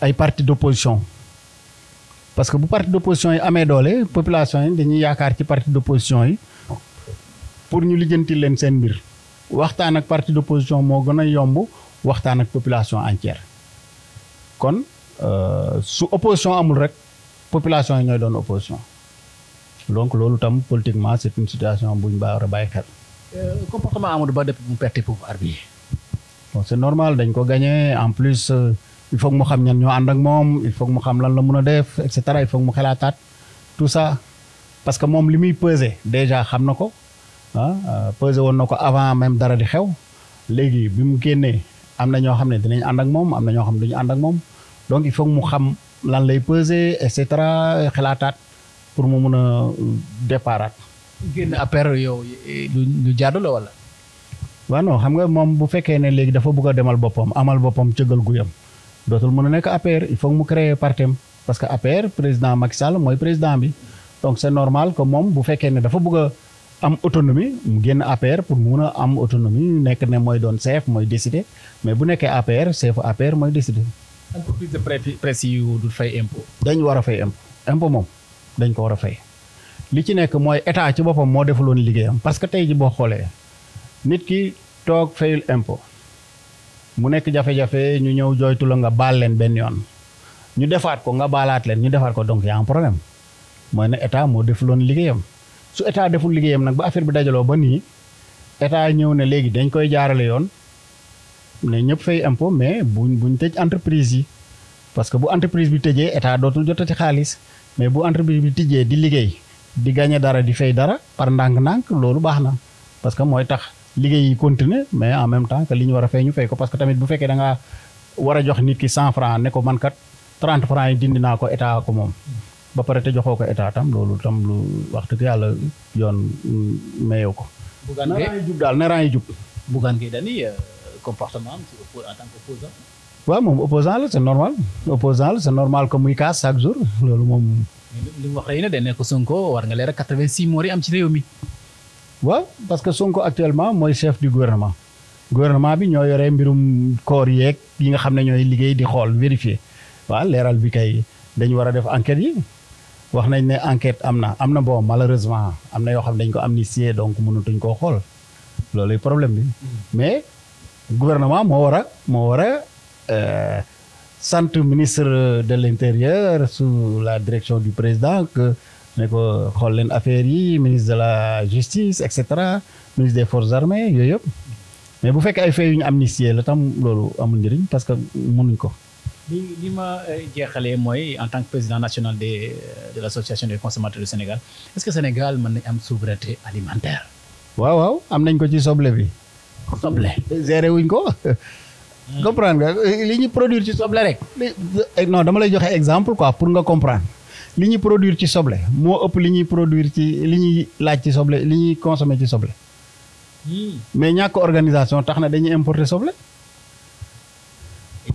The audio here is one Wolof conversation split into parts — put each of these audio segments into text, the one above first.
ay parti d'opposition parce que bu parti d'opposition yi amé doolé population yi dañuy yaakaar ci parti d'opposition yi pour ñu lijeenti leen seen mbir waxtaan ak parti d'opposition moo gën a yomb waxtaan ak population entière kon euh, su opposition amul rek population yi ñooy doon opposition donc loolu tam politiquement c'est une situation buñ ba war a bàyyi xel. Euh, comportement Amadou Ba depuis mu perte pouvoir bi. bon c'est normal dañ ko gagné en plus. Euh, il faut que mu xam ñan ñoo ànd ak moom il faut mu xam lan la mën a def et cetera il faut que mu xelaataat tout ça parce que moom li muy peser déjà xam na ko ah euh, peser woon na ko avant même dara di xew léegi bi mu génnee am na ñoo xam ne dinañ ànd ak moom am na ñoo xam ne duñu ànd ak moom donc il faut mu xam lan lay peser et cetera xelaataat pour mu mun a euh, déparaat. génn affaire yow lu jaadu la wala. waaw non xam nga moom bu fekkee ne léegi dafa bëgg a demal boppam amal boppam cëggal guyam dootul mën a nekk APR il faut mu créer partem parce que APR président Macky Sall mooy président bi donc c'est normal ko moom bu fekkee ne dafa bëgg am autonomie mu génn APR pour mun a am autonomie nekk ne mooy doon chef mooy décider mais bu nekkee APR chefu APR mooy décider. entreprise de presse yu fay impôt. dañ war a fay impôt impôt moom dañ ko war a fay li ci nekk mooy état ci boppam moo defuloon liggéeyam parce que tey ji boo xoolee nit ki toog fayul impôt. mu nekk jafe-jafe ñu ñëw jooytu nga baal leen benn yoon ñu defaat ko nga baalaat leen ñu defaat ko donc y a un problème mooy ne état moo def loon liggéeyam su état deful liggéeyam nag ba affaire bi dajaloo ba nii état ñëw ne léegi dañ koy jaarale yoon ne ñëpp fay impôt mais buñ buñ tëj entreprise yi parce que bu entreprise bi tëjee état dootul jotati xaalis mais bu entreprise bi tijjee di liggéey di gagné dara di fay dara par ndànk-ndànk loolu baax na parce que mooy tax. liggéey yi continuer mais en même temps que li ñu war a fay ñu fay ko parce que tamit bu fekkee da nga war a jox nit ki cent franc ne ko man kat trente franc yi dindi naa ko état ko moom. ba pare te joxoo ko état tam loolu tam lu wax dëgg yàlla yoon mayew ko. bugaan yi jub daal nerang yi jub. bugaan gi dani euh, comportement si am en tant que opposant. waaw moom opposant la c' est normal opposant la c' est normal que muy kaas chaque jour loolu moom. li mu wax rek ne dañ ne ko sunko war nga leer ak 86 mois yi am ci réew mi wa parce que Sonko actuellement moy chef du gouvernement gouvernement bi ñoo yore mbirum koor yek yi nga xamné ñoy liggéey di xol vérifier wa léral bi kay dañ wara def enquête yi wax nañ né enquête amna amna bon malheureusement amna yo xam dañ ko amnistier donc tuñ ko xol lolé problème bi mais gouvernement mo wara mo wara euh a ministre de l'intérieur sous la direction du président que ne ko xool affaire yi ministre de la justice etc. ministre des forces armées yooyu mais bu faites ay fait yu ñu Le la tam loolu amul parce que mënuñ ko. li li ma euh, jeexalee en tant que président national des euh, de l'association des consommateurs du Sénégal est ce que le Sénégal mën nañ am souveraineté alimentaire. waaw waaw am nañ ko ci soble bi. soble géré wuñ ko. Hmm. comprendre nga li ñu produire ci soble rek. non dama lay joxe exemple quoi pour nga comprendre. li ñuy produire ci soble moo ëpp li ñuy produir ci li ñuy laaj ci soble li ñuy consommer ci soble hmm. mais ñàkk organisation tax na dañuy importer soble.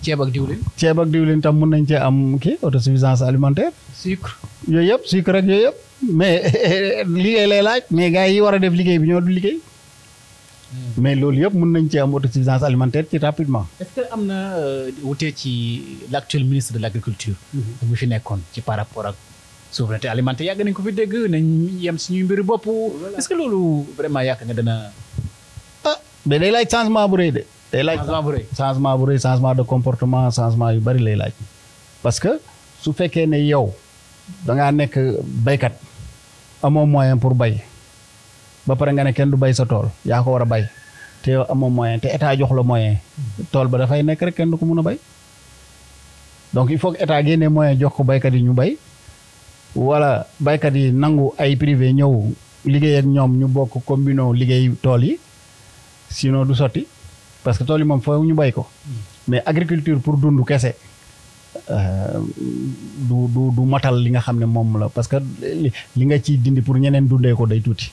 ceeb ak diwlin. ceeb ak diwlin tam mën nañ cee am kii autosuffisance alimentaire. sucre yooyu yëpp sucre ak yooyu yëpp mais liggéey lay laaj mais gars yi war a def liggéey bi ñoo du liggéey. Mm. mais loolu yëpp mun nañ ci am autosuffisance alimentaire ci rapidement. est-ce que am na euh, wutee ci l'actuel ministre de l'agriculture. Mm-hmm. mu fi nekkoon ci par rapport ak. souveraineté alimentaire yàgg nañ ko fi dégg nañ yem suñuy mbiru bopp. que loolu vraiment yàq nga dana. ah mais day changement bu rëy de. day laaj changement bu rëy changement comportement changement yu bari lay laaj. parce que su fekkee ne yow da ngaa nekk baykat amoon moyen pour bay. ba pare nga ne kenn du bay sa tool yaa ko war a bay te yow amoo moyen te état jox la moyen tool ba dafay nekk rek kenn du ko mun a bay donc il faut que état génne moyen jox ko baykat yi ñu bay wala baykat yi nangu ay privé ñëw liggéey ak ñoom ñu bokk combino liggéey tool yi sinon du sotti parce que tool yi moom foo ñu bay ko mais agriculture pour dund kese euh, du du du matal li nga xam ne moom la parce que li nga ciy dindi pour ñeneen dundee ko day tuuti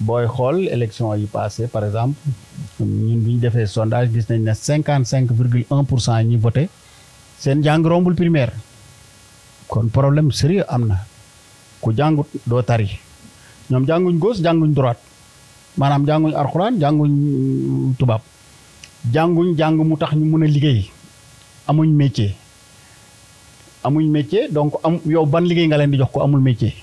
booy xool élection yi passé par exemple ñun bi ñu defee sondage gis nañ ne cinquante cinq virgule un pour cent ñi voté seen jàng rombul primaire kon problème sérieux am na ku jàngut doo tari ñoom jànguñ gauche jànguñ droit maanaam jànguñ arxuraan jànguñ euh, tubaab jànguñ jàng mu tax ñu mun a liggéey amuñ métier amuñ métier donc am yow ban liggéey nga leen di jox ko amul métier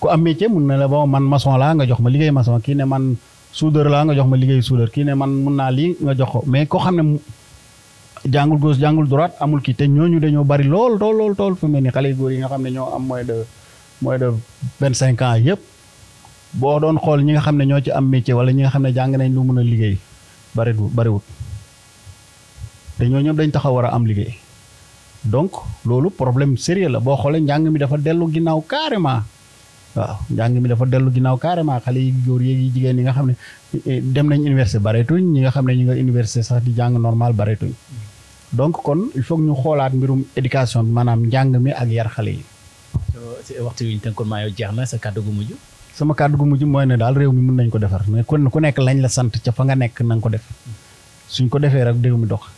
ku am métier mun na la bon man maçon nga jox ma liggéey maçon kii ne man soudeur laa nga jox ma liggéey soudeur kii ne man mun naa lii nga jox ko mais koo xam ne jàngul gauche jàngul amul kii te ñooñu dañoo bari lool lool lool lool fu ni xale góor yi nga xam ne ñoo am moins de moins de vingt cinq ans yëpp boo doon xool ñi nga xam ne ñoo ci am métier wala ñi nga xam ne jàng nañ lu mun a liggéey bariwul bariwul te ñoo ñëpp dañ taxaw war a am liggéey donc loolu problème sérieux la boo xoolee njàng mi dafa dellu ginnaaw carrément. waaw njàng mi dafa dellu ginnaaw carrément xale yi góor yeeg yi jigéen yi nga xam ne eh, eh, dem nañ université bareetuñ ñi nga xam ne ñu nga université sax di jàng normal bareetuñ donc kon il faut ñu xoolaat mbirum éducation bi maanaam njàng mi ak yar xale yi. waxtu wi ñu tënkoon maa yow jeex na sa kàddu gu mujj. sama kàddu gu mujj mooy ne daal réew mi mun nañ ko defar mais ku nekk lañ la sant ca fa nga nekk na ko def suñ ko defee rek réew mi dox.